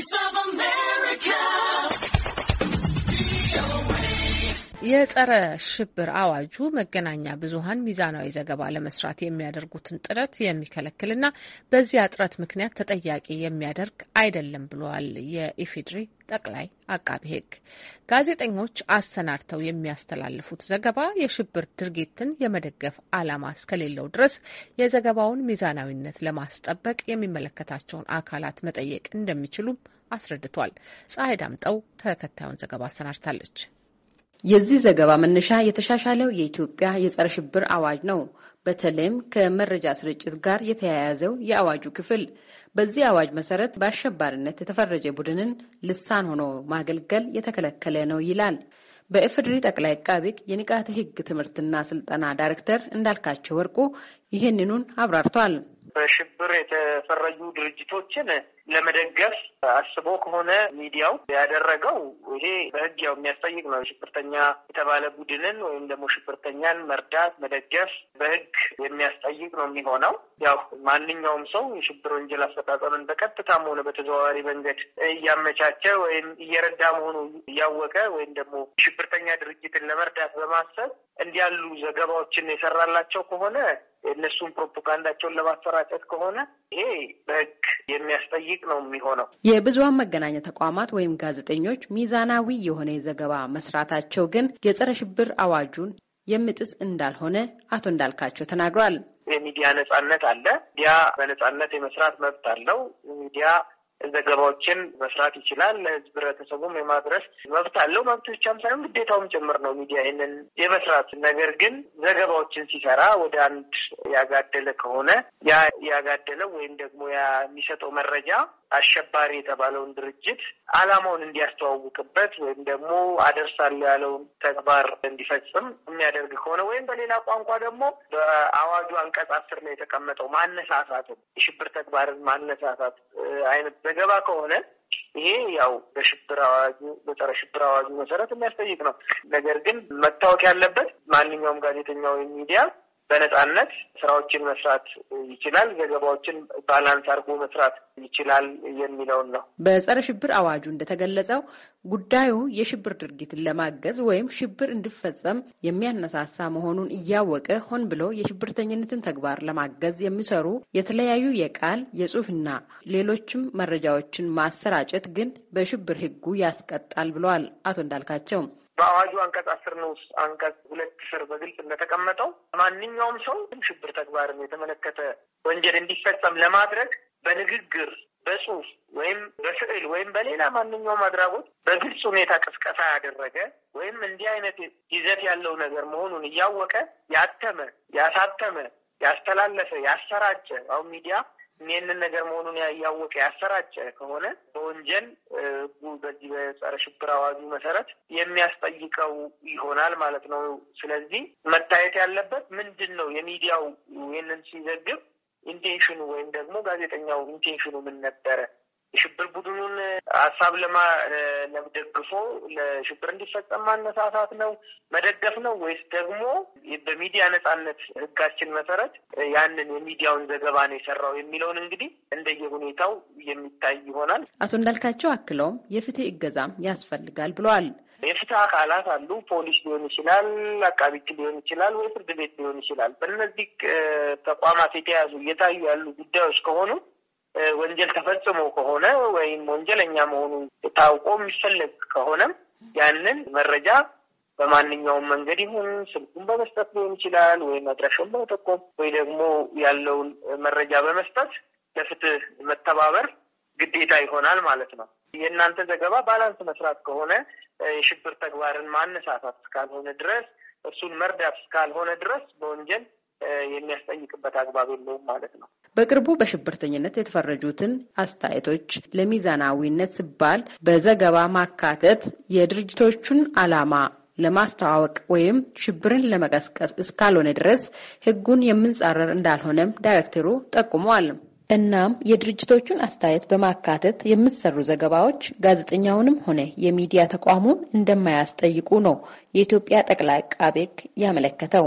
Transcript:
voice of የጸረ ሽብር አዋጁ መገናኛ ብዙኃን ሚዛናዊ ዘገባ ለመስራት የሚያደርጉትን ጥረት የሚከለክልና በዚያ ጥረት ምክንያት ተጠያቂ የሚያደርግ አይደለም ብለዋል የኢፌድሪ ጠቅላይ አቃቢ ሕግ ጋዜጠኞች አሰናድተው የሚያስተላልፉት ዘገባ የሽብር ድርጊትን የመደገፍ ዓላማ እስከሌለው ድረስ የዘገባውን ሚዛናዊነት ለማስጠበቅ የሚመለከታቸውን አካላት መጠየቅ እንደሚችሉም አስረድቷል። ፀሐይ ዳምጠው ተከታዩን ዘገባ አሰናድታለች። የዚህ ዘገባ መነሻ የተሻሻለው የኢትዮጵያ የጸረ ሽብር አዋጅ ነው። በተለይም ከመረጃ ስርጭት ጋር የተያያዘው የአዋጁ ክፍል በዚህ አዋጅ መሰረት በአሸባሪነት የተፈረጀ ቡድንን ልሳን ሆኖ ማገልገል የተከለከለ ነው ይላል። በኢፌዴሪ ጠቅላይ አቃቤ ሕግ የንቃተ ሕግ ትምህርትና ስልጠና ዳይሬክተር እንዳልካቸው ወርቁ ይህንኑን አብራርቷል። በሽብር የተፈረጁ ድርጅቶችን ለመደገፍ አስቦ ከሆነ ሚዲያው ያደረገው ይሄ በህግ ያው የሚያስጠይቅ ነው። ሽብርተኛ የተባለ ቡድንን ወይም ደግሞ ሽብርተኛን መርዳት፣ መደገፍ በህግ የሚያስጠይቅ ነው የሚሆነው። ያው ማንኛውም ሰው የሽብር ወንጀል አፈጻጸምን በቀጥታም ሆነ በተዘዋዋሪ መንገድ እያመቻቸ ወይም እየረዳ መሆኑ እያወቀ ወይም ደግሞ ሽብርተኛ ድርጅትን ለመርዳት በማሰብ እንዲያሉ ዘገባዎችን የሰራላቸው ከሆነ የእነሱን ፕሮፓጋንዳቸውን ለማሰራጨት ከሆነ ይሄ በህግ የሚያስጠይቅ ትልቅ ነው የሚሆነው። የብዙሀን መገናኛ ተቋማት ወይም ጋዜጠኞች ሚዛናዊ የሆነ የዘገባ መስራታቸው ግን የጸረ ሽብር አዋጁን የምጥስ እንዳልሆነ አቶ እንዳልካቸው ተናግሯል። የሚዲያ ነጻነት አለ። ሚዲያ በነጻነት የመስራት መብት አለው። ሚዲያ ዘገባዎችን መስራት ይችላል። ለህዝብ ህብረተሰቡም የማድረስ መብት አለው። መብት ብቻም ሳይሆን ግዴታውም ጭምር ነው ሚዲያ ይህንን የመስራት ነገር ግን ዘገባዎችን ሲሰራ ወደ አንድ ያጋደለ ከሆነ ያ ያጋደለው ወይም ደግሞ የሚሰጠው መረጃ አሸባሪ የተባለውን ድርጅት ዓላማውን እንዲያስተዋውቅበት ወይም ደግሞ አደርሳለሁ ያለውን ተግባር እንዲፈጽም የሚያደርግ ከሆነ ወይም በሌላ ቋንቋ ደግሞ በአዋጁ አንቀጽ አስር ላይ የተቀመጠው ማነሳሳት የሽብር ተግባርን ማነሳሳት አይነት ዘገባ ከሆነ ይሄ ያው በሽብር አዋጁ በጸረ ሽብር አዋጁ መሰረት የሚያስጠይቅ ነው። ነገር ግን መታወቅ ያለበት ማንኛውም ጋዜጠኛ ወይም ሚዲያ በነጻነት ስራዎችን መስራት ይችላል፣ ዘገባዎችን ባላንስ አድርጎ መስራት ይችላል የሚለውን ነው። በጸረ ሽብር አዋጁ እንደተገለጸው ጉዳዩ የሽብር ድርጊትን ለማገዝ ወይም ሽብር እንዲፈጸም የሚያነሳሳ መሆኑን እያወቀ ሆን ብሎ የሽብርተኝነትን ተግባር ለማገዝ የሚሰሩ የተለያዩ የቃል የጽሁፍና ሌሎችም መረጃዎችን ማሰራጨት ግን በሽብር ህጉ ያስቀጣል ብለዋል አቶ እንዳልካቸው። በአዋጁ አንቀጽ አስር ንዑስ አንቀጽ ሁለት ስር በግልጽ እንደተቀመጠው ማንኛውም ሰው ሽብር ተግባርን የተመለከተ ወንጀል እንዲፈጸም ለማድረግ በንግግር በጽሁፍ ወይም በስዕል ወይም በሌላ ማንኛውም አድራጎት በግልጽ ሁኔታ ቅስቀሳ ያደረገ ወይም እንዲህ አይነት ይዘት ያለው ነገር መሆኑን እያወቀ ያተመ፣ ያሳተመ፣ ያስተላለፈ፣ ያሰራጨ አሁን ሚዲያ ይህንን ነገር መሆኑን ያወቀ ያሰራጨ ከሆነ በወንጀል በዚህ በጸረ ሽብር አዋጁ መሰረት የሚያስጠይቀው ይሆናል ማለት ነው። ስለዚህ መታየት ያለበት ምንድን ነው? የሚዲያው ይህንን ሲዘግብ ኢንቴንሽኑ ወይም ደግሞ ጋዜጠኛው ኢንቴንሽኑ ምን ነበረ? ሽብር ቡድኑን ሀሳብ ለማ ለመደግፎ ለሽብር እንዲፈጸም ማነሳሳት ነው መደገፍ ነው ወይስ ደግሞ በሚዲያ ነጻነት ህጋችን መሰረት ያንን የሚዲያውን ዘገባ ነው የሰራው የሚለውን እንግዲህ እንደየ ሁኔታው የሚታይ ይሆናል። አቶ እንዳልካቸው አክለውም የፍትህ እገዛም ያስፈልጋል ብለዋል። የፍትህ አካላት አሉ። ፖሊስ ሊሆን ይችላል፣ አቃቢት ሊሆን ይችላል፣ ወይ ፍርድ ቤት ሊሆን ይችላል። በእነዚህ ተቋማት የተያዙ እየታዩ ያሉ ጉዳዮች ከሆኑ ወንጀል ተፈጽሞ ከሆነ ወይም ወንጀለኛ መሆኑን ታውቆ የሚፈለግ ከሆነም ያንን መረጃ በማንኛውም መንገድ ይሁን ስልኩን በመስጠት ሊሆን ይችላል፣ ወይም አድራሻውን በመጠቆም ወይ ደግሞ ያለውን መረጃ በመስጠት ለፍትህ መተባበር ግዴታ ይሆናል ማለት ነው። የእናንተ ዘገባ ባላንስ መስራት ከሆነ የሽብር ተግባርን ማነሳሳት እስካልሆነ ድረስ እሱን መርዳት እስካልሆነ ድረስ በወንጀል የሚያስጠይቅበት አግባብ የለውም ማለት ነው። በቅርቡ በሽብርተኝነት የተፈረጁትን አስተያየቶች ለሚዛናዊነት ሲባል በዘገባ ማካተት የድርጅቶቹን ዓላማ ለማስተዋወቅ ወይም ሽብርን ለመቀስቀስ እስካልሆነ ድረስ ሕጉን የምንጻረር እንዳልሆነም ዳይሬክተሩ ጠቁመዋል። እናም የድርጅቶቹን አስተያየት በማካተት የሚሰሩ ዘገባዎች ጋዜጠኛውንም ሆነ የሚዲያ ተቋሙን እንደማያስጠይቁ ነው የኢትዮጵያ ጠቅላይ አቃቤ ሕግ ያመለከተው።